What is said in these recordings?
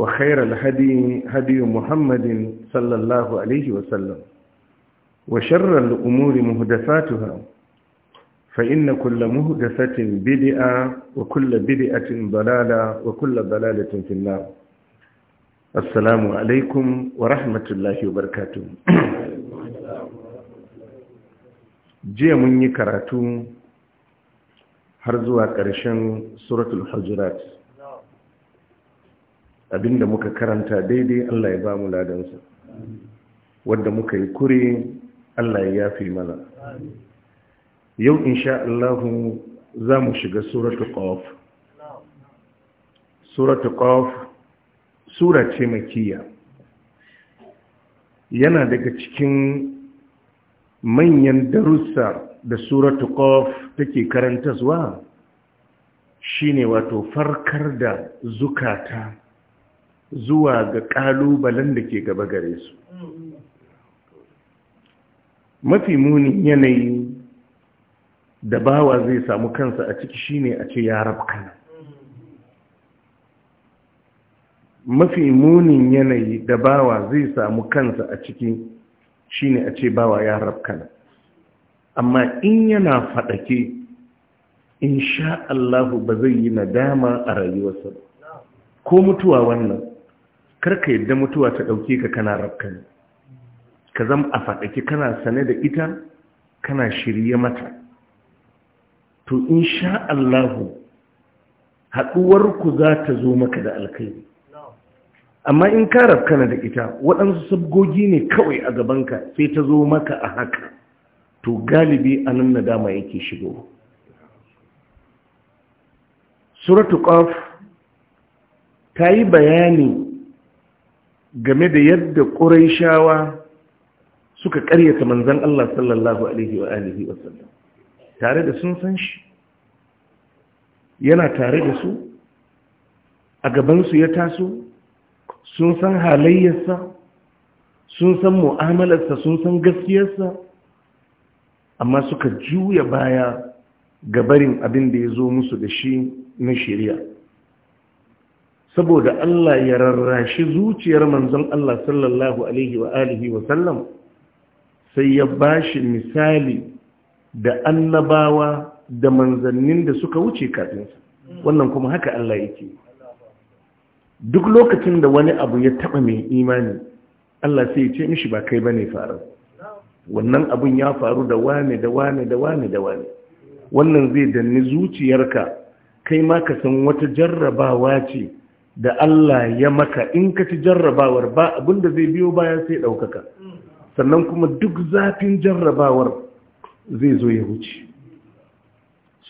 وخير الهدي هدي محمد صلى الله عليه وسلم وشر الأمور مهدفاتها فإن كل مهدفة بدئة وكل بدئة ضلالة وكل ضلالة في النار السلام عليكم ورحمة الله وبركاته jiya mun yi karatu har zuwa ƙarshen suratul hujurat abinda muka karanta daidai Allah ya ba mu ladansa wadda muka yi kure Allah ya yafi mana yau insha Allah za mu shiga suratul qaf suratul qaf sura ce makiyya yana daga cikin manyan darussa da suratul qaf take karantaswa shine wato farkar da zukata zuwa ga ƙalubalen da ke gaba gare su mafi munin yanayi da bawa zai samu kansa a ciki shine a ce ya rabka mafi munin yanayi da bawa zai samu kansa a ciki shine a ce bawa ya amma in yana faɗake in sha Allahu ba zai yi nadama a rayuwarsa ba ko mutuwa wannan Kar ka yadda mutuwa ta ɗauke ka kana rafkani ka zama a faɗaki kana sane da ita kana shirye mata to insha Allahu haɗuwarku za ta zo maka da alkai amma in ka rafkana da ita waɗansu sabgogi ne kawai a gabanka sai ta zo maka a haka to galibi a nan dama yake shigo suratu ƙaf ta yi bayani game da yadda ƙuraishawa suka ƙaryata manzan Allah sallallahu Alaihi wa alihi wasallam tare da sun san shi yana tare da su a gabansu ya taso sun san halayyarsa sun san mu'amalarsa sun san gaskiyarsa amma suka juya baya gabarin abin da ya zo musu da shi na shirya saboda Allah ya rarrashi zuciyar manzon Allah sallallahu alaihi wa alihi wa sallam sai ya bashi misali da annabawa da manzannin da suka wuce kafin sa wannan kuma haka Allah yake duk lokacin da wani abu ya taba mai imani Allah sai ya ce mishi ba kai bane faru wannan abun ya faru da wane da wane da wane da wane wannan zai danni zuciyarka kai ma ka san wata jarrabawa ce da Allah ya maka in ka ci jarrabawar ba abinda zai biyo baya sai ɗaukaka sannan kuma duk zafin jarrabawar zai zo ya wuce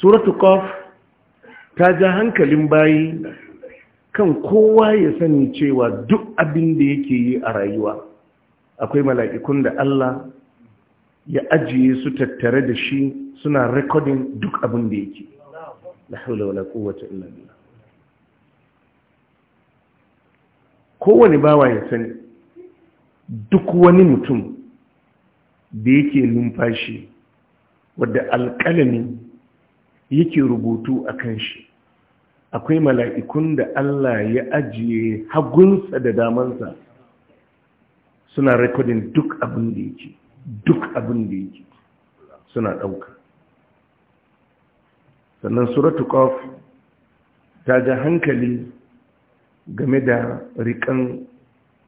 suratu kof ta ja hankalin bayi kan kowa ya sani cewa duk abin da yake yi a rayuwa akwai mala'ikun da Allah ya ajiye su tattare da shi suna rikodin duk abinda da yake Na haula wala kowace illa biya. kowane bawa ya sani duk wani mutum da yake numfashi wadda alƙalami yake rubutu a kan shi akwai mala'ikun da Allah ya ajiye hagunsa da damansa suna rekodin duk abin da yake duk abin da yake suna ɗauka sannan suratu ƙof ta ga hankali game da rikan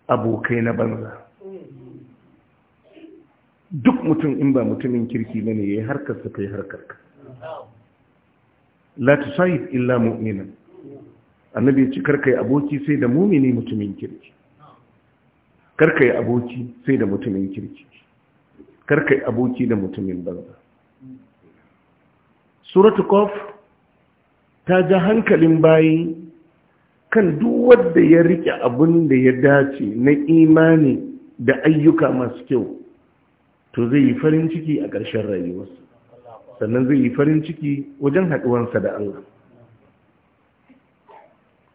abokai na banza duk mutum in ba mutumin kirki ba ne ya yi harkarsa ka yi harkarka la ta sa'id illa mu'minan annabi ci karkai yi aboki sai da mumini mutumin kirki karkai yi aboki sai da mutumin kirki karkai yi aboki da mutumin banza suratu kof ta ja hankalin bayi kan duk wadda ya rike abin da ya dace na imani da ayyuka masu kyau to zai yi farin ciki a ƙarshen rayuwarsa sannan zai yi farin ciki wajen haɗuwansa da Allah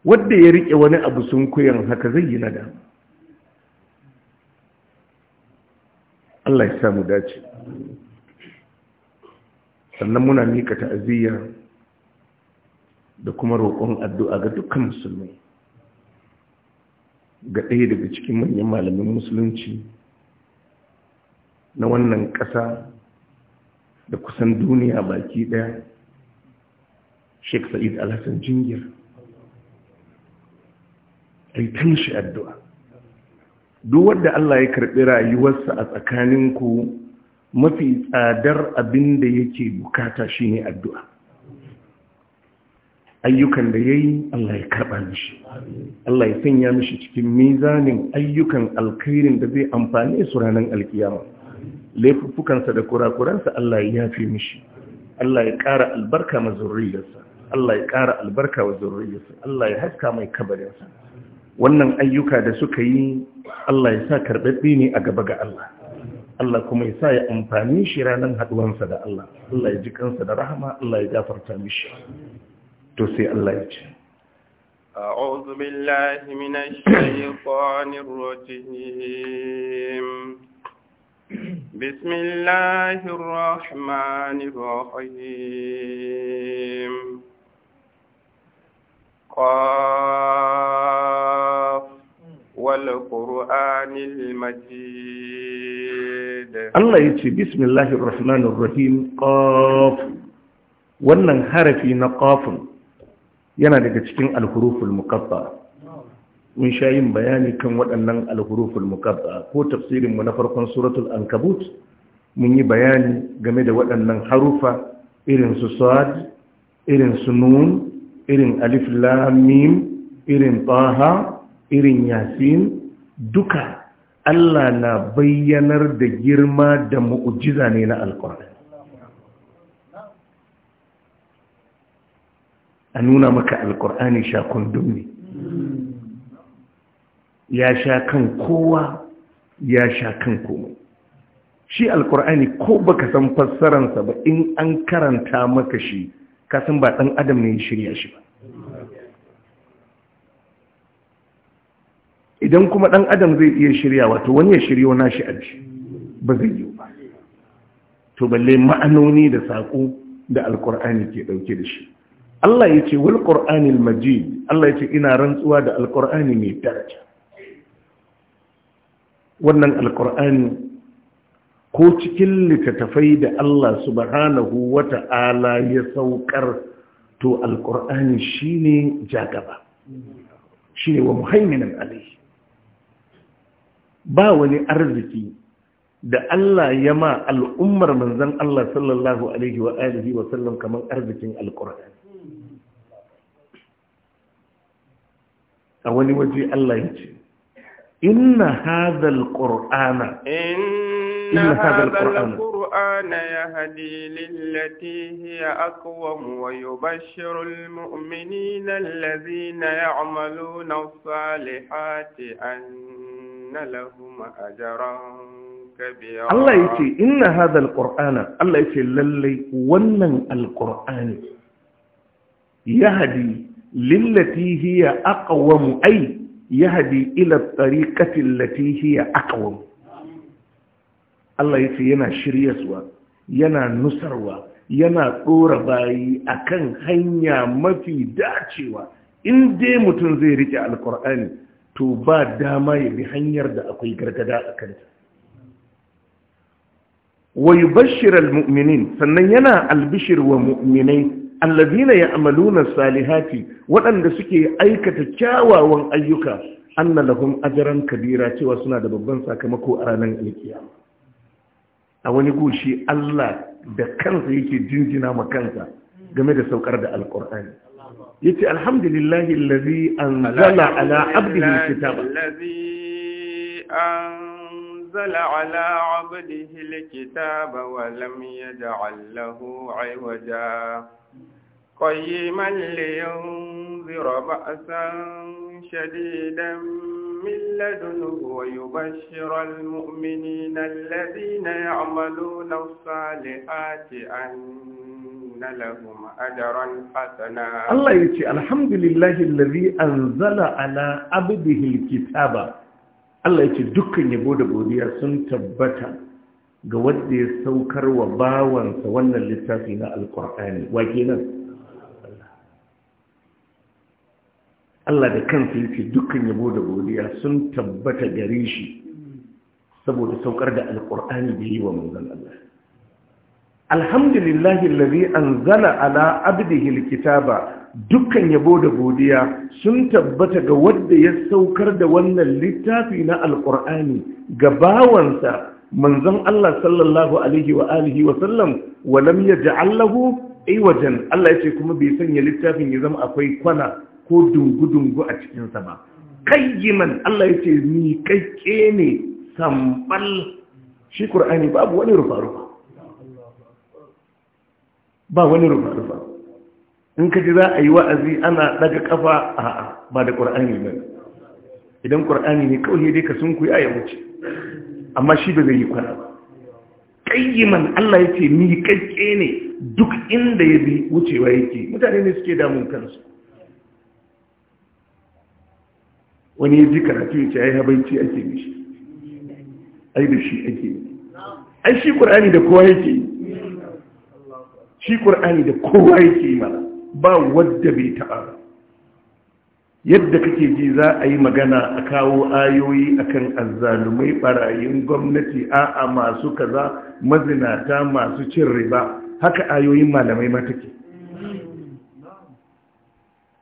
wadda ya riƙe wani abu sun kuyan haka zai yi nada Allah ya samu dace sannan muna mika ta'aziyya da kuma roƙon addu'a ga dukkan musulmi ga ɗaya daga cikin manyan malamin musulunci na wannan ƙasa da kusan duniya baki ɗaya Sheikh sa'id alhassan jingir aitan shi addu'a duk wadda Allah ya karɓi rayuwarsa a tsakaninku mafi tsadar abin da yake bukata shine addu'a ayyukan da ya yi Allah ya karɓa mishi Allah ya sanya mishi cikin mizanin ayyukan alkhairin da zai amfani su ranar alkiyama laifuffukansa da kurakuransa Allah ya fi mishi Allah ya ƙara albarka ma zurriyarsa Allah ya ƙara albarka wa zurriyarsa Allah ya haska mai kabarinsa wannan ayyuka da suka yi Allah ya sa karɓaɓɓe ne a gaba ga Allah Allah kuma ya sa ya amfani shi ranar haɗuwansa da Allah Allah ya ji kansa da rahama Allah ya gafarta mishi to sai Allah ya ce أعوذ بالله من الشيطان الرجيم بسم الله الرحمن الرحيم قاف والقرآن المجيد الله يتي بسم الله الرحمن الرحيم قاف wannan harafi na qafun yana daga cikin alhuruful muqatta mun sha yin bayani kan waɗannan alhuruful mukabba ko tafsirin mu na farkon suratul ankabut mun yi bayani game da waɗannan harufa irin su sad irin su nun irin alif irin taha irin yasin duka Allah na bayyanar da girma da mu'ujiza ne na alƙur'ani a nuna maka alkur'ani sha kundum ne ya sha kan kowa ya sha kan komai shi alkur'ani ko baka san fassararsa ba in an karanta maka shi kasan ba ɗan adam ne ya shirya shi ba idan kuma ɗan adam zai iya shirya wato wani ya shiryo shi aji ba zai yi ba to balle ma'anoni da saƙo da alkur'ani ke ɗauke da shi Allah ya ce wal ƙor'anil majid Allah ya ce ina rantsuwa da alƙor'ani mai daraja wannan alƙor'ani ko cikin littattafai da Allah subhanahu wa ta'ala ya saukar to alƙor'ani shi ne jagaba shi ne wa muhaiminin alai ba wani arziki da Allah ya ma al'ummar manzan Allah sallallahu Alaihi wa alihi wasallam kamar arzikin alƙor'ani a wani waje Allah ya ce inna hadhal qur'ana inna hadhal qur'ana yahdi lillati hiya aqwam wa yubashshiru salihati Allah ya ce, Inna haɗa al'ur'ana, Allah ya ce lallai wannan al'ur'ani ya haɗi lillati hiya aqwam ay yahdi ila tariqati allati hiya aqwam Allah yace yana shiryarwa yana nusarwa yana tsora bayi a kan hanya mafi dacewa in dai mutum zai rike alkur'ani to ba dama ya bi hanyar da akwai gargada a kanta wai bashirar mu'minin sannan yana albishir wa mu'minai allazina ya'maluna salihati waɗanda suke aikata kyawawan ayyuka anna lahum ajran kabira cewa suna da babban sakamako a ranar alkiyama a wani gushi Allah da kansa yake jinjina ma kansa game da saukar da Alqur'ani. yace alhamdulillahi allazi anzala ala abdihi alkitaba allazi anzala ala abdihi alkitaba wa lam yaj'al lahu 'iwaja قيما لينذر بأسا شديدا من لدنه ويبشر المؤمنين الذين يعملون الصالحات أن لهم أجرا حسنا الله يتي الحمد لله الذي أنزل على عبده الكتاب الله يتي دك نبود بودية سنتبتا ga wanda ya saukar wa القرآن wannan Allah da kansa yake dukkan yabo da godiya sun tabbata gare shi saboda saukar da alkur'ani da yi wa manzon Allah alhamdulillahi allazi anzala ala abdihi alkitaba dukkan yabo da godiya sun tabbata ga wanda ya saukar da wannan littafi na alkur'ani ga bawansa manzon Allah sallallahu alaihi wa alihi wa sallam wa lam yaj'al lahu iwajan Allah ce kuma bai sanya littafin ya zama akwai kwana ko dungu-dungu a cikinsa ba kayyiman Allah ya ce ni kakke ne sambal shi ƙur'ani babu wani rufa-rufa ba wani rufa-rufa in ka ji za a yi wa'azi ana daga kafa a ba da ƙur'ani ba idan ƙur'ani ne kawai dai ka sun kuya ya wuce amma shi ba zai yi kwana ba ƙayyiman Allah ya ce miƙaƙƙe ne duk inda ya bi wucewa yake mutane ne suke damun kansu wani ya ji karatu ya ce ai habanci ake mishi ai da shi ake ai shi qur'ani da kowa yake shi qur'ani da kowa yake mana ba wadda bai taɓa ba yadda kake ji za a yi magana a kawo ayoyi akan azzalumai barayin gwamnati a'a masu kaza mazinata masu cin riba haka ayoyin malamai ma take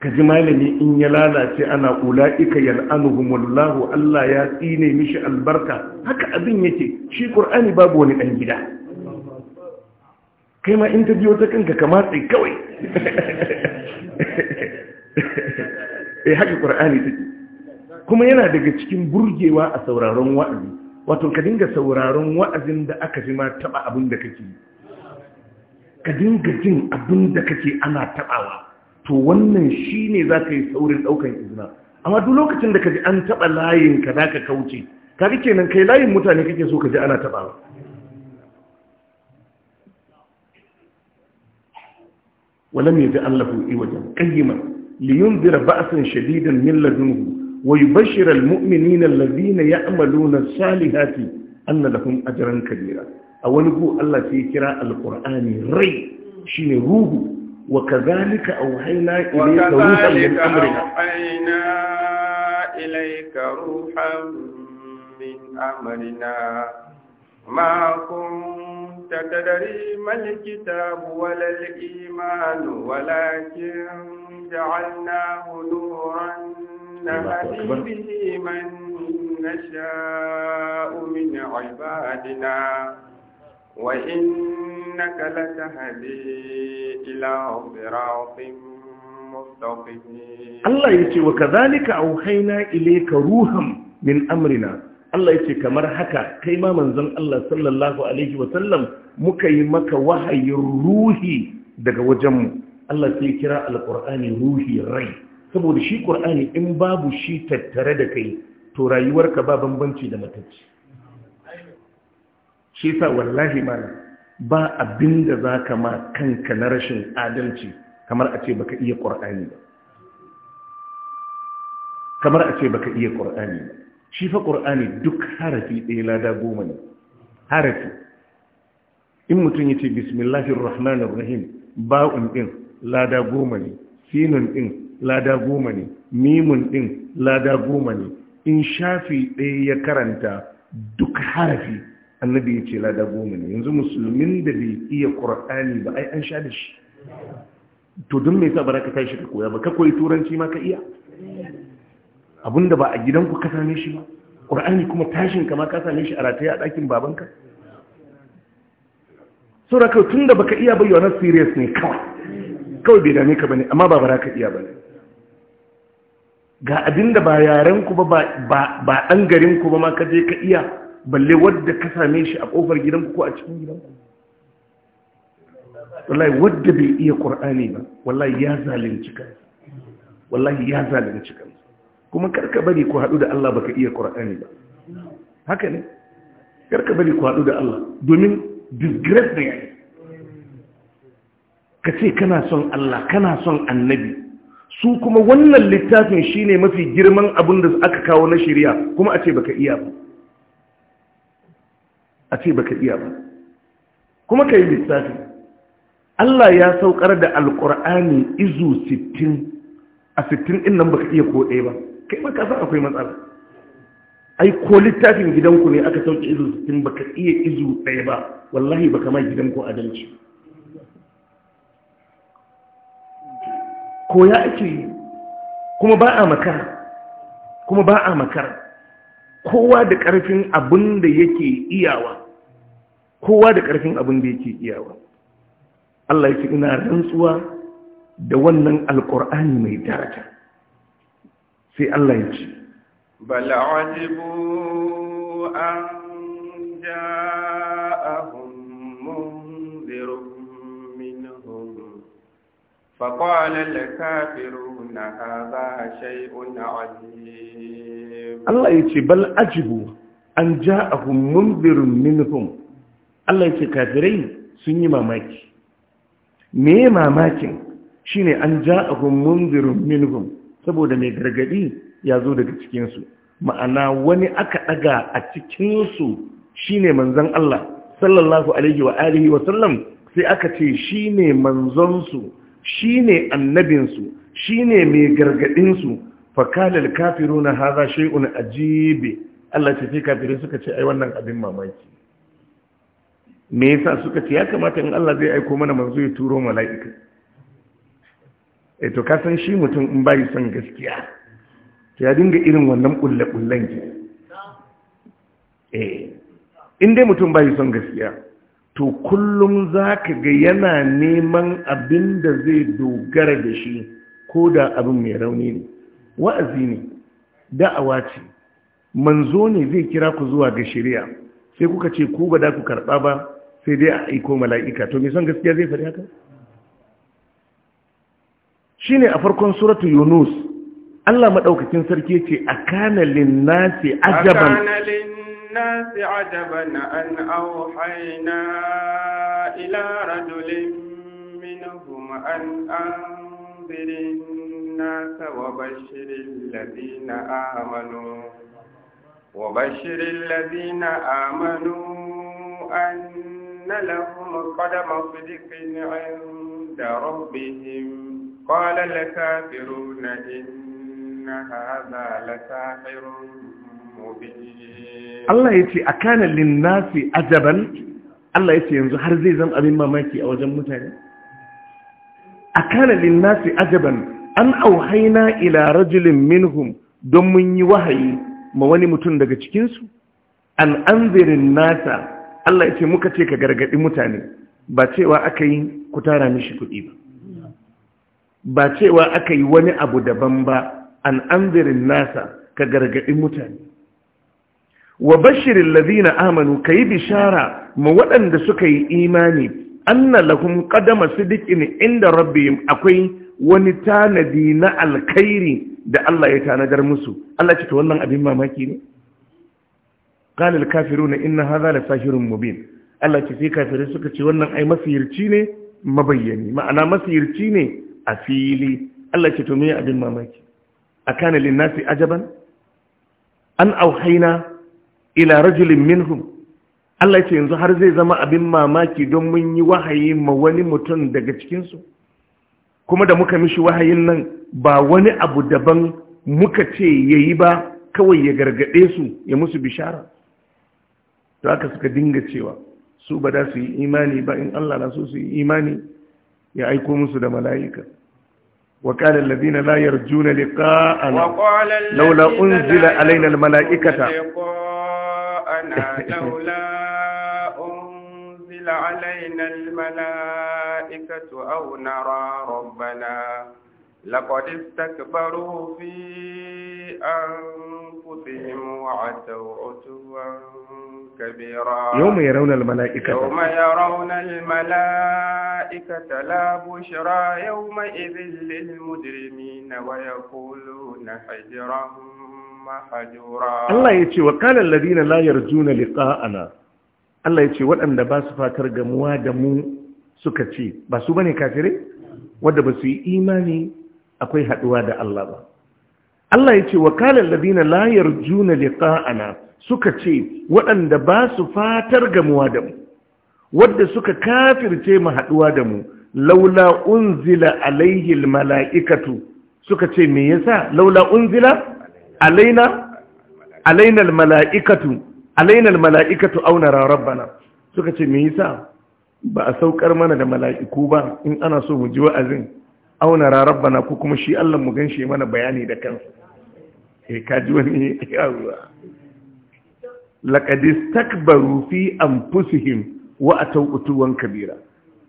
ka ji malami in ya lalace ana ula'ika yal'anuhumullahu Allah ya tsine mishi albarka haka abin yake shi qur'ani babu wani dan gida kai ma in ta biyo ta kanka ka matsayi kawai eh haka qur'ani take kuma yana daga cikin burgewa a sauraron wa'azi wato ka dinga sauraron wa'azin da aka ji ma taba abin da kake ka dinga jin abin da kake ana taɓawa. to wannan shi ne za ka yi saurin ɗaukan izina amma duk lokacin da ka ji an taɓa layinka za ka kauce ka rike kai layin mutane kake so ka ji ana taɓa ba wala mai ji allahu iwajen ƙayyima liyun zira ba'asin shadidan min ladunhu wa yubashshira almu'minin alladhina ya'maluna salihati anna lahum ajran kabira a wani ku Allah ya kira alqur'ani rai shine ruhu وكذلك أوحينا إليك روحا من أمرنا أوحينا إليك روحا من أمرنا ما كنت تدري ما الكتاب ولا الإيمان ولكن جعلناه نورا نهدي به من نشاء من عبادنا وإنك لتهدي إلى صراط مستقيم الله يتي وكذلك أوحينا إليك روحا من أمرنا Allah ya ce kamar haka kai ma manzon Allah sallallahu alaihi wasallam muka yi maka wahayin ruhi daga wajenmu Allah sai kira alqur'ani ruhi rai saboda shi ƙur'ani in babu shi tattare da kai to rayuwarka ba bambanci da matacci shi sa wallahi mana ba abin da za ka ma kanka na rashin adalci kamar a ce baka iya ƙwar'ani ba kamar a ce baka iya ƙwar'ani ba shi fa ƙwar'ani duk harafi ɗaya lada goma ne harafi in mutum ya ce bismillahir rahmanir rahim ba'un ɗin lada goma ne sinun ɗin lada goma ne mimun ɗin lada goma ne in shafi ɗaya ya karanta duk harafi annabi ya ce lada goma ne yanzu musulmin da bai iya ƙur'ani ba ai an sha da shi to don mai sabara ka tashi ka koya ba ka koyi turanci ma ka iya abinda ba a gidanku ka same shi ba ƙur'ani kuma tashin ka ma ka same shi a rataya a ɗakin babanka Sau kawai tun da baka iya ba na serious ne kawai kawai bai dame ka ba ne, amma ba bara ka iya ne. ga abinda ba yarenku ba ba ɗan ba ma ka je ka iya balle wadda ka same shi a kofar gidanku ko a cikin gidanku wallahi wadda bai iya ƙur'ani ba wallahi ya zalunci kansa wallahi ya zalunci kansa kuma karka bari ku haɗu da Allah baka iya ƙur'ani ba haka ne karka bari ku haɗu da Allah domin disgrace ne ka ce kana son Allah kana son annabi su kuma wannan littafin shine mafi girman abin da aka kawo na shari'a kuma a ce baka iya ba a ce baka iya ba kuma ka yi lissafi Allah ya saukar da alkur'ani izu 60 a 60 in nan baka iya ko ɗaya ba kai ba ka san akwai matsala ai ko littafin gidanku ne aka sauke izu 60 baka iya izu ɗaya ba wallahi baka ma gidanku adalci ko ya ake yi kuma ba a makara kuma ba a makara kowa da ƙarfin abin da yake iyawa kowa da ƙarfin abin da yake iyawa Allah ya ce ina rantsuwa da wannan alkur'ani mai daraja sai Allah ya ce bala'ajibu an ja'ahum munzirun minhum faqala al-kafiruna hadha shay'un 'azim Allah ya ce bal ajibu an ja'ahum munzirun minhum Allah ce kafirai sun yi mamaki me mamakin shine an ja'ahum munzirun minhum saboda mai gargadi ya zo daga cikinsu. ma'ana wani aka ɗaga a cikinsu su shine manzon Allah sallallahu alaihi wa alihi wa sallam sai aka ce shine manzon su shine annabinsu. su shine mai gargadin su fakalal kafiruna hadha shay'un ajib Allah ce sai kafirai suka ce ai wannan abin mamaki me yasa suka ce ya kamata in Allah zai aiko mana manzo ya turo mala'ika eh to ka san shi mutum in bai son gaskiya to ya dinga irin wannan kullu kullan ki eh in dai mutum bai son gaskiya to kullum zaka ga yana neman abin da zai dogara da shi ko da abin mai rauni ne wa'azi ne da'awa ce manzo ne zai kira ku zuwa ga shari'a sai kuka ce ku ba da ku karɓa ba sai dai a aiko mala’ika to nisan gaskiya zai fari haka shi ne a farkon suratun yunus allah maɗaukakin sarki ce a kanalin nasi ajaban an auhaina ila rajulin minhum an anzirin nasa wa bashirin ladina amanu wa bashirin ladina amanu لهم قدم صدق عند ربهم قال الكافرون إن هذا لساحر مبين الله يتي أكان للناس أجبا الله يتي ينزو حرزي زم أبي ما ماماكي أو جم متاني أكان للناس أجبا أن أوحينا إلى رجل منهم دمني وهي ما wani mutum daga cikinsu an anzirin nasa Allah ya ce muka ce ka gargaɗi mutane ba cewa aka yi ku tara mishi kuɗi ba ba cewa aka yi wani abu daban ba an anzirin nasa ka gargaɗi mutane wa bashirin lazina amanu ka yi bishara ma waɗanda suka yi imani anna lahum qadama sidiqin inda rabbihim akwai wani tanadi na alkhairi da Allah ya tanadar musu Allah ce to wannan abin mamaki ne qala kafiru na inna hadha la sahirun mubin Allah ce sai kafirai suka ce wannan ai masirci ne mabayyani ma'ana masirci ne a fili Allah ce to me abin mamaki akana lin-nasi ajaban an auhaina ila rajulin minhum Allah ce yanzu har zai zama abin mamaki don mun yi wahayi ma wani mutum daga cikinsu kuma da muka mishi wahayin nan ba wani abu daban muka ce ya yi ba kawai ya gargaɗe su ya musu bishara to haka suka dinga cewa su ba da su yi imani ba in Allah na so su yi imani ya aiko musu da mala'ika وقال الذين لا يرجون لقاءنا لولا أنزل علينا الملائكة لولا أنزل علينا الملائكة أو نرى ربنا لقد استكبروا في أنفسهم وعتوا عتوا كبيرا يوم يرون الملائكة يوم يرون الملائكة لا بشرى يومئذ للمجرمين ويقولون حجرا محجورا الله يتي وقال الذين لا يرجون لقاءنا الله يتي وأن باس فاتر جموا دمو سكتي باسو بني كافري wadda ba su yi imani akwai haɗuwa da Allah ba. Allah ya ce, wa kalar labina layar juna liƙa'ana suka ce waɗanda ba su fatar gamuwa da mu wadda suka kafirce mu haɗuwa da mu laula unzila alaihi mala'ikatu suka ce me yasa laula unzila alaina alaina mala'ikatu alaina mala'ikatu auna rabbana suka ce me yasa ba a saukar mana da mala'iku ba in ana so mu ji wa'azin auna rabbana ko kuma shi Allah mu ganshi mana bayani da kansa eh kaji wani yawa laƙadis takbaru fi an fusuhin wa a taukutuwan kabira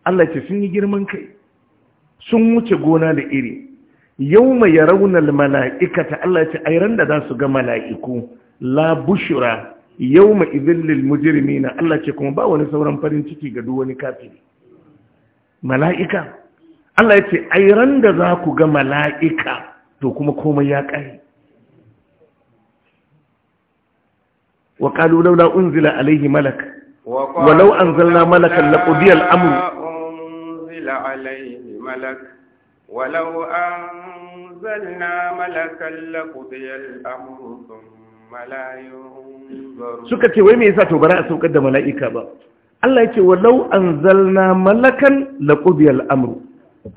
Allah ce sun yi girman kai sun wuce gona da iri yau mai ya raunar mala'ikata Allah ce airan da za su ga mala'iku la bushura yau mai izillil mujirmi na Allah ce kuma ba wani sauran farin ciki ga duwani kafiri mala'ika Allah ya ce airan da za ku ga mala'ika to kuma komai ya ƙari wa qalu laula unzila alayhi malak walau malakan laqudi al-amr unzila alayhi malak walau ce wai me yasa to bara a saukar da mala'ika ba Allah ya ce walau anzalna malakan laqudi al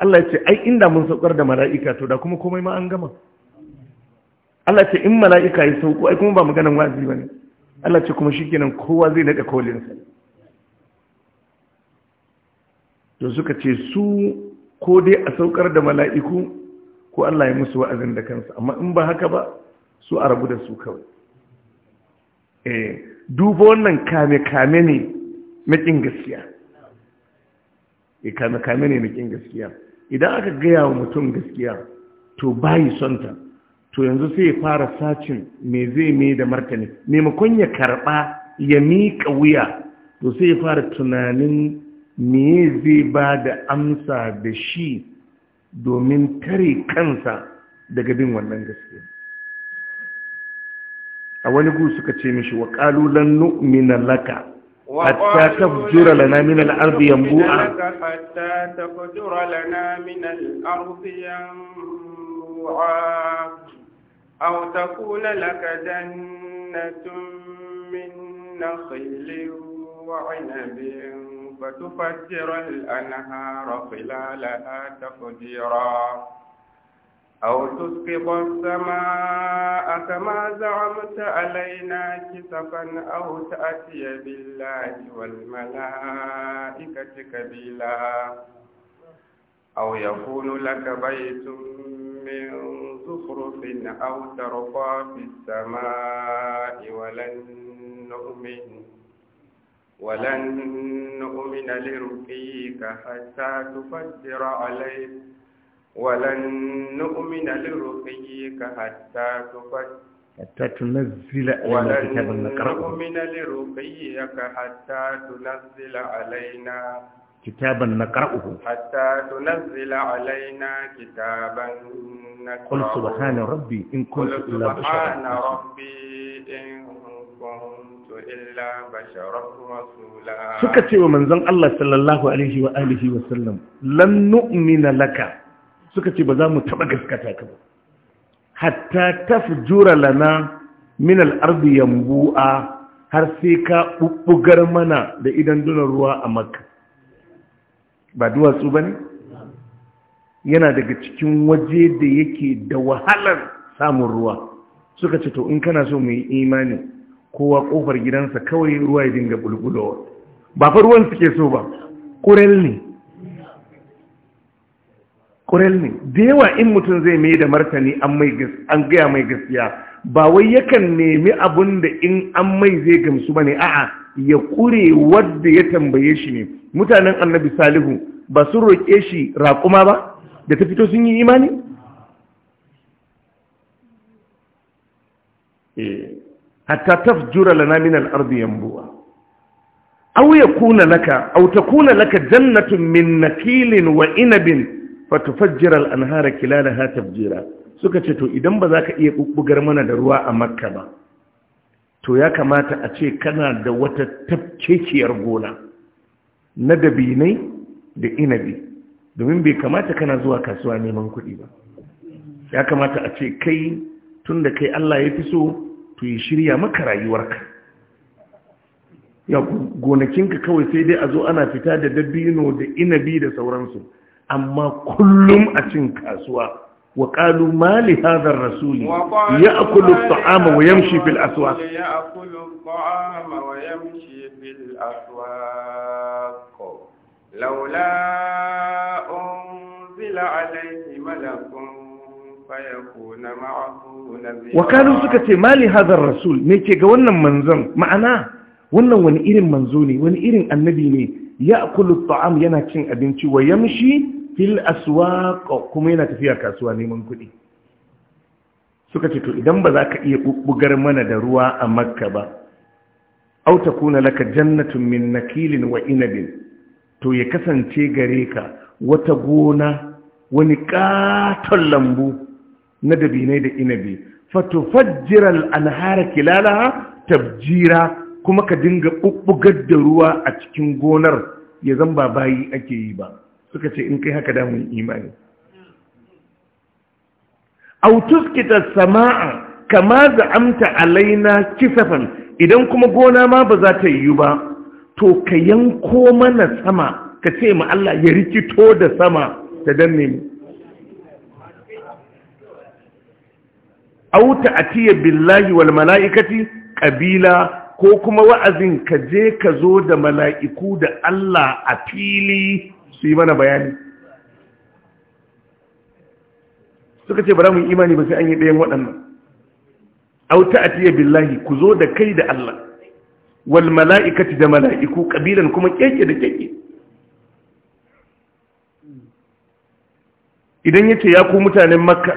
Allah ce ai inda mun saukar da mala'ika to da kuma komai ma an gama Allah ce in mala'ika ya sauko ai kuma ba maganan wazi bane Allah ce kuma kenan kowa zai nada kolinsa to suka ce su ko dai a saukar da mala'iku ko Allah ya musu wa'azin da kansa amma in ba haka ba su a rabu da su kawai eh duba wannan kame kame ne makin gaskiya eh, kame kame ne makin gaskiya idan aka gaya wa mutum gaskiya to bayi son ta to yanzu sai ya fara sacin me zai mai da martani maimakon ya karɓa ya mika wuya to sai ya fara tunanin me zai ba da amsa da shi domin tare kansa daga bin wannan gaske a wani gu suka ce mishi wa ƙalulan nu'mina laka hatta tafjura lana min al-ardi lana min al-ardi أو تقول لك جنة من نخل وعنب فتفجر الأنهار خلالها تفجيرا أو تسقط السماء كما زعمت علينا كسفا أو تأتي بالله والملائكة كبيلا أو يكون لك بيت من زخرف أو ترقى في السماء ولن نؤمن ولن نؤمن لرقيك حتى تفجر عليك ولن نؤمن لرقيك حتى تفجر حتى تنزل علينا كتابا نقرأه ولن نؤمن لرقيك حتى تنزل علينا كتاباً نقرأه حتى تنزل علينا كتاباً نقرأه قل سبحان ربي إن كنت إلا بشراً رسولاً Suka ce wa manzon Allah sallallahu wa alihi wasallam, "Lan nu'mina laka suka ce ba za mu taɓa gaskata ka ba, hatta tafi jure lana minal ardi yambu'a har sai ka ɓuɓɓugar mana da idan donar ruwa a makka. ba duwatsu ba ne yana daga cikin waje da yake da wahalar samun ruwa suka ce to in kana so mai imani kowa kofar gidansa kawai ruwa ya dinga bulbulowa ba fa suke so ba ƙurel ne ne da yawa in mutum zai mai da martani an gaya mai gaskiya ba wai yakan nemi abun da in an mai zai gamsu ba ne a'a ya ƙure wadda ya tambaye shi ne mutanen annabi salihu ba sun roƙe shi raƙuma ba da ta fito sun yi imani? Eh, hatta jura lana min al-ardi Yambuwa. aw yakuna laka aw takuna laka jannatun min nakilin wa inabin fatufajjira al-anhara kilalaha tafjira suka ce to idan ba za ka iya bubbugar mana da ruwa a makka ba to ya kamata a ce kana da wata tafkekiyar gona na dabinai da inabi domin bai kamata kana zuwa kasuwa neman kuɗi ba ya kamata a ce kai tun da kai Allah ya fi so to yi shirya maka rayuwarka ya gonakinka kawai sai dai a zo ana fita da dabino da inabi da sauransu amma kullum a cin kasuwa وقالوا ما لهذا الرسول يأكل الطعام ويمشي في الأسواق يأكل الطعام ويمشي في الأسواق لولا أنزل عليه ملك فيكون معه نبيا وقالوا سكتي ما لهذا الرسول ميكي قولنا منزل معنا wannan wani irin manzo ne wani irin annabi ne ya akulu ta'am yana cin abinci wa yamshi fil aswaq kuma yana tafiya kasuwa neman kuɗi suka ce to idan ba za ka iya bugar mana da ruwa a makka ba auta takuna laka jannatun min nakilin wa inabin to ya kasance gare ka wata gona wani katon lambu na dabinai da inabi fatufajjira anhara kilalaha tabjira kuma ka dinga bubbugar da ruwa a cikin gonar ya zan ba bayi ake yi ba suka ce in kai haka da mun imani aw tuskita samaa kama amta alaina kisafan idan kuma gona ma ba za ta yiwu ba to ka yanko mana sama ka ce ma Allah ya rikito da sama ta danne mu aw atiya billahi wal mala'ikati qabila ko kuma wa'azin ka je ka zo da mala'iku da Allah a fili su yi mana bayani suka ce bara mu imani ba sai an yi ɗayan waɗannan au ta'atiya billahi ku zo da kai da Allah wal mala'ikati da mala'iku kabilan kuma keke da keke idan yace ya ku mutanen makka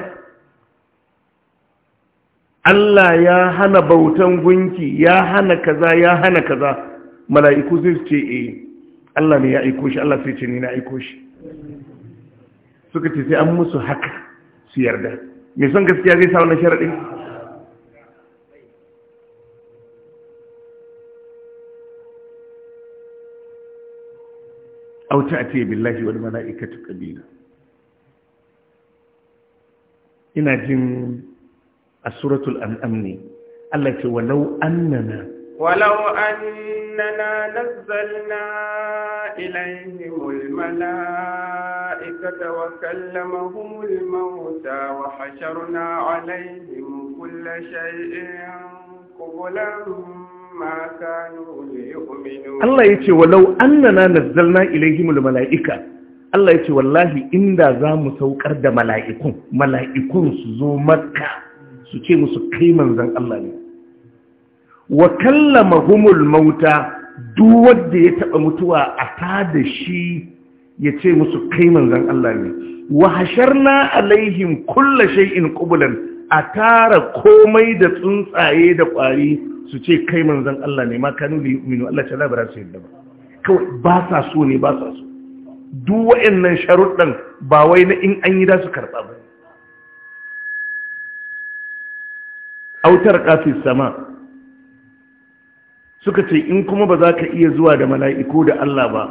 Allah ya hana bautan gunki ya hana kaza ya hana kaza mala'iku zai ce eh Allah ne ya aiko shi Allah sai ce ni na aiko shi suka ce sai an musu haka su yarda mai son gaskiya zai sa wannan sharaɗin auta a ce billahi wani mala'ikatu kabila ina jin a suratul an'am ne Allah ce walau annana ولو أننا نزلنا إليهم الملائكة وكلمهم الموتى وحشرنا عليهم كل شيء قبلا ما كانوا ليؤمنوا الله يتي ولو أننا نزلنا إليهم الملائكة Allah ya ce wallahi inda za mu saukar da mala'ikun, mala'ikun su zo makka su ce musu kai manzan Allah ne. wa humul mauta duk wanda ya taɓa mutuwa a da shi ya ce musu kai manzan Allah ne wa hasharna alaihim kulla shay'in qublan a tara komai da tsuntsaye da ƙwari su ce kai manzan Allah ne ma kanu li yu'minu Allah ta labara su yadda ba kawai ba sa so ne ba sa so duk wayannan sharuɗan ba wai na in an yi da su karba ba autar kafin sama suka ce in kuma ba za ka iya zuwa da mala'iku da Allah ba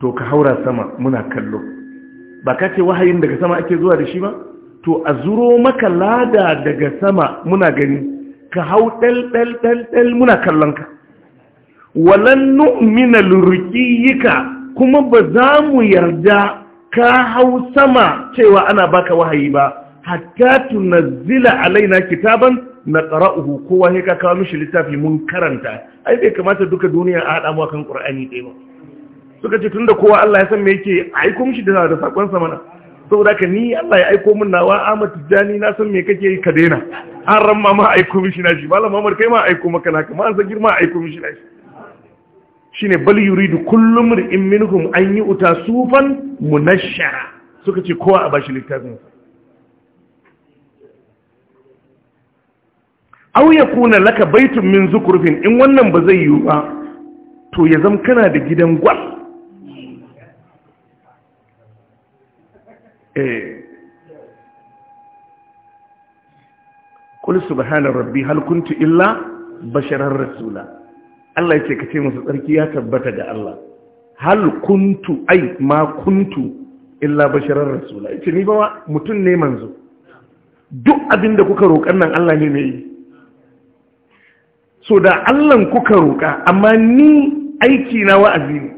to ka haura sama muna kallo ba ka ce wahayin daga sama ake zuwa da shi ba to a zuro maka lada daga sama muna gani ka hau ɗal-ɗal-ɗal muna kallonka walan nu'mina ka kuma ba za mu yarda ka hau sama cewa ana baka wahayi ba hatta tunazzila alaina kitaban na ƙara'uhu kowa ya ka kawo mishi littafi mun karanta ai bai kamata duka duniya a haɗa makan ƙura'ani ɗaya ba suka ce tunda kowa Allah ya san me yake aiko mishi da da sa mana saboda ka ni Allah ya aiko min nawa Ahmad Tijani na san me kake yi ka daina an ran ma ma aiko mishi na shi malam Muhammad kai ma aiko maka ka ma an san girma aiko mishi na shi shine bal yuridu kullum ri'in minhum an yi sufan munashshara suka ce kowa a bashi littafin au ya kuna laka baitun min zukurfin in wannan ba zai yiwu ba to ya zama kana da gidan gwal eh kul subhana rabbi hal kuntu illa basharar rasula Allah yake kace musu tsarki ya tabbata da Allah hal kuntu ai ma kuntu illa basharar rasula yace ni ba mutum ne manzo duk abinda kuka roƙan nan Allah ne mai yi so da allan kuka roƙa amma ni aiki na wa'azi ne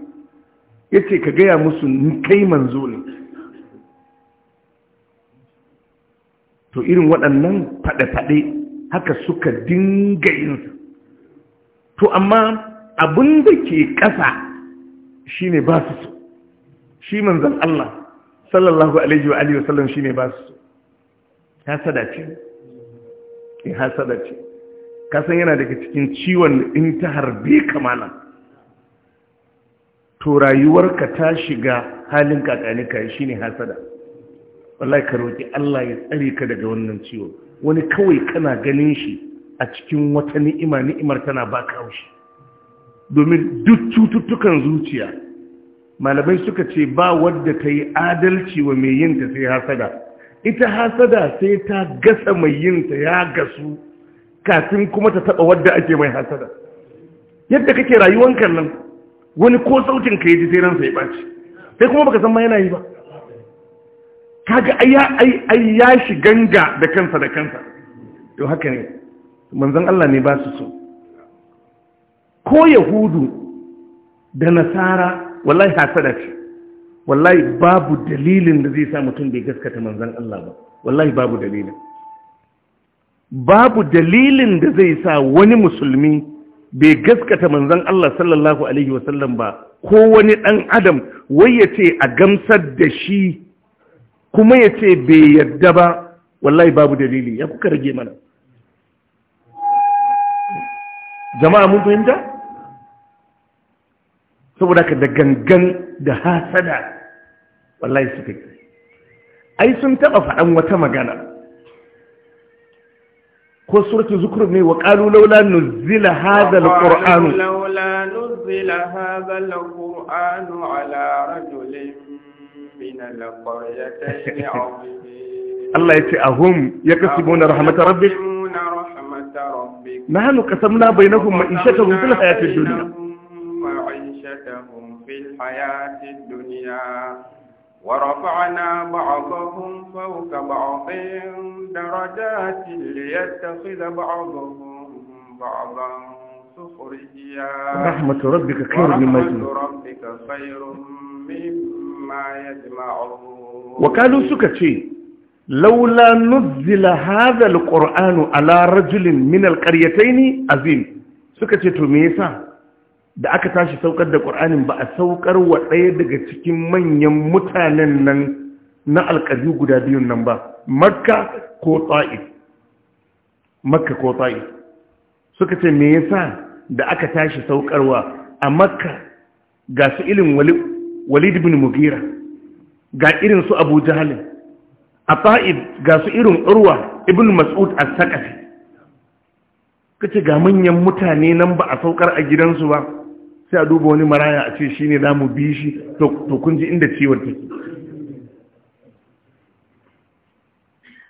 ya ce ka gaya musu kai manzo ne to irin waɗannan faɗe-faɗe haka suka dinga yin to amma abin da ke ƙasa shi ne ba su so shi manzan Allah sallallahu alaihi wa'aliyu wasallam shi ne ba su so Ya sadace, ya eh, sadace. kasan yana daga cikin ciwon in ta harbe ka malam to rayuwarka ta shiga halin kakanika shi ne hasada wallahi ka roƙi Allah ya tsare ka daga wannan ciwo wani kawai kana ganin shi a cikin wata ni'ima ni'imar tana baka haushi domin duk cututtukan zuciya malamai suka ce ba wadda ta yi adalci wa mai yinta sai hasada ita hasada sai ta gasa mai yinta ya gasu kafin kuma ta taɓa wadda ake mai hasada yadda kake rayuwan nan wani ko saukin ka ji sai ransa ya ɓaci sai kuma baka san ma yana yi ba kaga ai ai ya shi ganga da kansa da kansa to haka ne manzon Allah ne ba su so ko yahudu da nasara wallahi hasada ce wallahi babu dalilin da zai sa mutum bai gaskata manzon Allah ba wallahi babu dalilin babu dalilin da zai sa wani musulmi bai gaskata manzon Allah sallallahu alaihi wasallam ba ko wani ɗan adam wai ya ce a gamsar da shi kuma ya ce bai yadda ba wallahi babu dalili ya kuka rage mana jama'a mun fahimta saboda ka da gangan da hasada wallahi su yi ai sun taɓa faɗan wata magana ko suratul zukhruf ne wa qalu laula nuzila hadha alquran laula nuzila hadha alquran ala rajulin min alqaryatayn Allah yace ahum yakasibuna rahmatar rabbik nahnu qasamna bainahum ma'ishatahum fil hayatid dunya ma'ishatahum fil hayatid dunya ورفعنا بعضهم فوق بعض درجات ليتخذ بعضهم بعضا سخريا رحمة ربك خير مما يجمعون ربك خير مما يجمعون وقالوا سكتي لولا نزل هذا القرآن على رجل من القريتين عظيم سكتي تميسا da aka tashi saukar da ƙur'anin ba a saukar wa ɗaya daga cikin manyan mutanen nan na alƙadu guda biyun nan ba makka ko ta'if makka ko ta'if suka ce me yasa da aka tashi saukarwa a makka ga su ilin walid ibn mugira ga irin su abu jahalin a ta'if ga su irin urwa ibn mas'ud as-saqafi kace ga manyan mutane nan ba a saukar a gidansu ba sai a duba wani maraya a ce shi ne za mu bi shi to kun ji inda ciwon take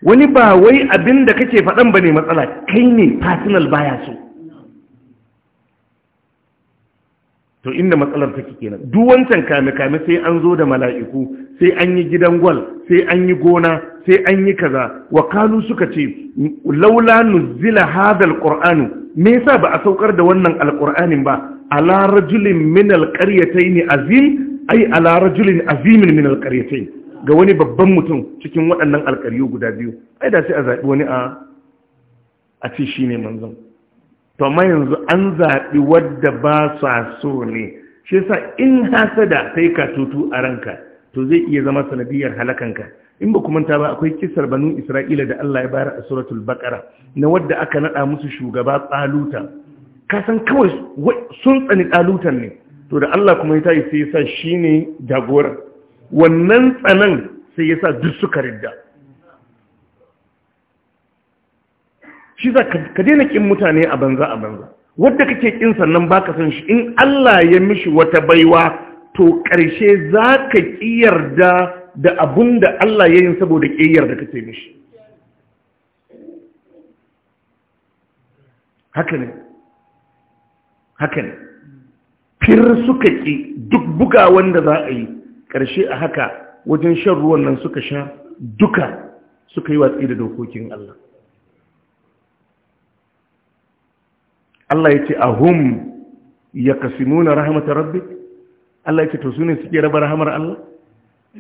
wani ba wai abin da kake faɗan ba ne matsala kai ne personal baya so to inda matsalar take kenan duk wancan kame kame sai an zo da mala'iku sai an yi gidan gwal sai an yi gona sai an yi kaza wa kalu suka ce laula nuzila hadal qur'anu me yasa ba a saukar da wannan alqur'anin ba ala rajulin min alqaryatayn azim ay ala rajulin azimin min alqaryatayn ga wani babban mutum cikin waɗannan alƙaryu guda biyu ai da sai a zaɓi wani a a ce shine manzon to amma yanzu an zaɓi wadda ba sa so ne shi yasa in hasada sai ka tutu a ranka to zai iya zama sanadiyar halakanka in ba kuma ta ba akwai kisar banu isra'ila da Allah ya bayar a suratul baqara na wadda aka naɗa musu shugaba tsaluta ka san kawai sun tsani tsalutan ne to da Allah kuma ya tayi sai yasa sa shine jagora wannan tsanan sai yasa duk suka ridda shi za ka daina ƙin mutane a banza a banza wadda kake kin sannan baka san shi in Allah ya mishi wata baiwa to ƙarshe za ka ƙiyarda da abun da Allah ya yin saboda ƙiyar da kake mishi haka ne haka ne fir suka ƙi duk buga wanda za a yi ƙarshe a haka wajen shan ruwan nan suka sha duka suka yi watsi da dokokin Allah Allah ya ce a hum ya kasimuna rahamata rabbi Allah ya ce to su ne suke raba rahamar Allah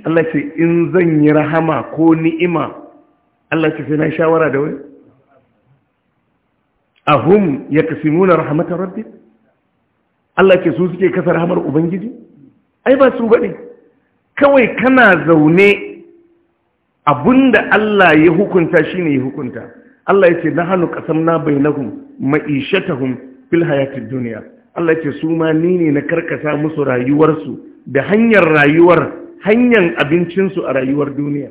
Allah ya ce in zan yi rahama ko ni'ima Allah ya ce sai na shawara da wani a hum ya kasimuna rahamata rabbi Allah ya ce su suke kasa rahamar Ubangiji ai ba su bane kawai kana zaune abinda Allah ya hukunta shine ya hukunta Allah ya ce yace nahnu qasamna bainahum ma'ishatahum fil hayatid duniya. Allah yace su ma ni ne na karkasa musu rayuwarsu da hanyar rayuwar hanyar abincinsu a rayuwar duniya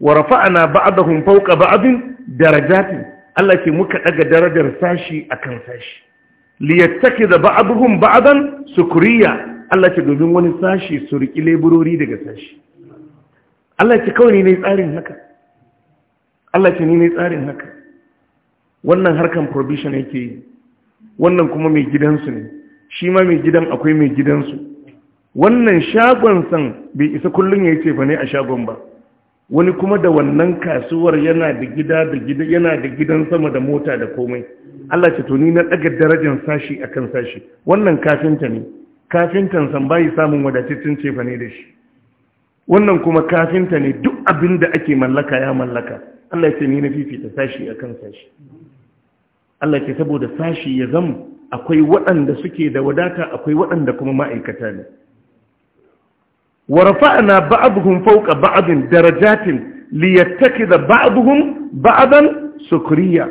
wa rafa'ana ba'dahum fawqa ba'din darajatin Allah ya ce muka ɗaga darajar sashi akan sashi Liyattake liyattakhidha ba'dhum ba'dan sukuriya. Allah ya ce domin wani sashi su riki leburori daga sashi Allah ya ce kawai ne tsarin haka Allah ce ni ne tsarin haka wannan harkan provision yake yi wannan kuma mai gidansu ne shi ma mai gidan akwai mai gidansu wannan shagon san bai isa kullum ya ce ba a shagon ba wani kuma da wannan kasuwar yana da gida da gida yana da gidan sama da mota da komai Allah ce to ni na daga darajar sashi akan sashi wannan kafinta ne kafintan san bai samun wadataccen cefane da shi wannan kuma kafinta ne duk abin da ake mallaka ya mallaka Allah ce ni na fifita sashi akan sashi Allah ce saboda sashi ya zama akwai waɗanda suke da wadata akwai waɗanda kuma ma'aikata ne wa rafa'na ba'dhum fauka ba'din darajatin liyattakida ba'dhum ba'dan sukuriya.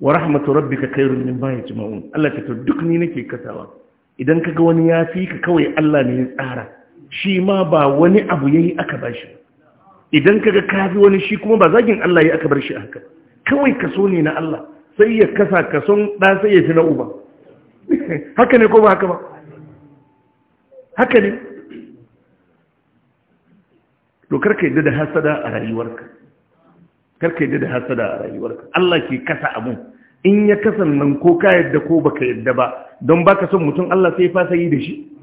wa rahmatu rabbika khairun mimma jima'un. Allah ce to duk ni nake kasawa idan kaga wani ya fi ka kawai Allah ne ya tsara shi ma ba wani abu ya yi aka bashi idan kaga kafi wani shi kuma ba zagin Allah ya aka bar shi haka kawai kaso ne na Allah sai ya kasa kason ɗan sai ya fi na uba haka ne ko ba haka ba haka ne dokar ka yadda da hasada a rayuwarka karka yadda da hasada a rayuwarka Allah ke kasa abun in ya kasan nan ko ka yadda ko baka yadda ba don baka son mutum Allah sai fasa yi da shi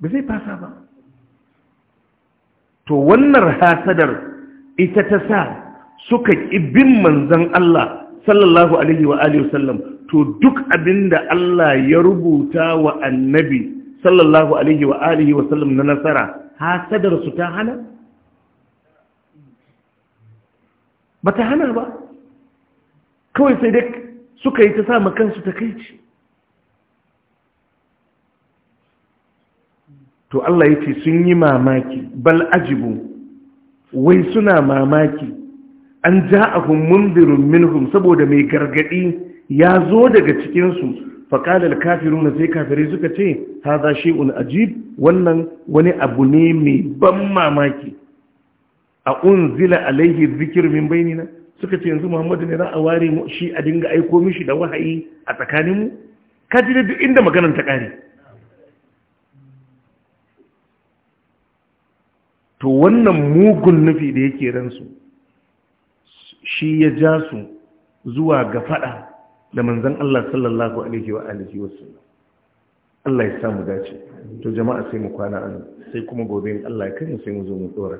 ba zai fasa ba to wannan hasadar ita ta sa suka bin manzan Allah sallallahu alaihi wa alihi wasallam to duk abinda Allah ya rubuta wa annabi sallallahu alaihi wa alihi wasallam na nasara hasadar su ta hana ba ta hana ba kawai sai dai suka yi ta sa kansu ta kai ce to Allah ya ce sun yi mamaki bal ajibu wai suna mamaki an ja ja'ahum mundirun minhum saboda mai gargadi ya zo daga cikinsu faƙalar kafiru na sai kafirai suka ce haza shi'un ajib wannan wani abu ne mai ban mamaki a unzila alaihi zikir min bainina suka ce yanzu muhammadu ne za a ware shi a dinga aiko mishi da wahayi a tsakaninmu ka ji da duk inda maganar ta ƙare to wannan mugun nufi da yake ransu shi ya ja su zuwa ga fada da manzan Allah sallallahu alaihi wa alihi wasallam Allah ya samu dace to jama'a sai mu kwana an sai kuma gobe in Allah ya kai sai mu zo mu dora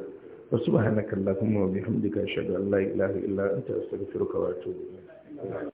wa subhanakallahumma wa bihamdika ashhadu an la ilaha illa anta astaghfiruka wa atubu ilayk